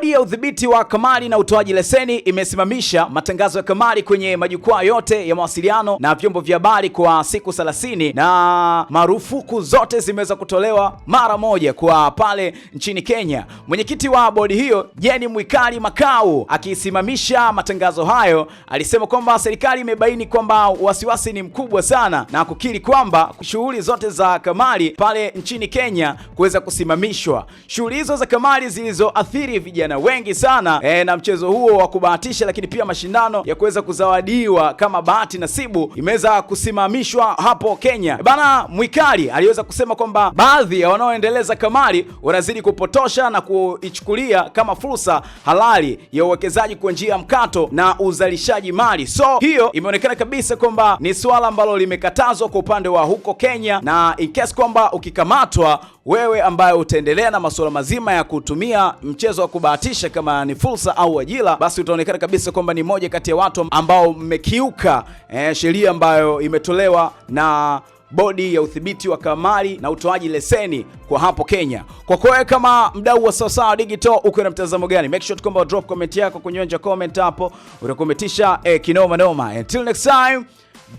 Bodi ya udhibiti wa kamari na utoaji leseni imesimamisha matangazo ya kamari kwenye majukwaa yote ya mawasiliano na vyombo vya habari kwa siku 30 na marufuku zote zimeweza kutolewa mara moja kwa pale nchini Kenya. Mwenyekiti wa bodi hiyo Jeni Mwikali Makau akisimamisha matangazo hayo alisema kwamba serikali imebaini kwamba wasiwasi ni mkubwa sana na kukiri kwamba shughuli zote za kamari pale nchini Kenya kuweza kusimamishwa. Shughuli hizo za kamari zilizoathiri vijana vijana wengi sana e, na mchezo huo wa kubahatisha, lakini pia mashindano ya kuweza kuzawadiwa kama bahati nasibu imeweza kusimamishwa hapo Kenya e, bana. Mwikali aliweza kusema kwamba baadhi ya wanaoendeleza kamari wanazidi kupotosha na kuichukulia kama fursa halali ya uwekezaji kwa njia mkato na uzalishaji mali. So hiyo imeonekana kabisa kwamba ni suala ambalo limekatazwa kwa upande wa huko Kenya, na in case kwamba ukikamatwa wewe ambaye utaendelea na masuala mazima ya kutumia mchezo wa kubahatisha kubahatisha, kama ni fursa au ajira, basi utaonekana kabisa kwamba ni moja kati ya watu ambao mmekiuka eh, sheria ambayo imetolewa na bodi ya udhibiti wa kamari na utoaji leseni kwa hapo Kenya. Kwa kweli kama mdau wa Sawasawa Digital uko na mtazamo gani? Make sure tukomba drop comment yako kunyonja comment hapo utakometisha eh, kinoma noma. Until next time,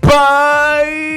bye.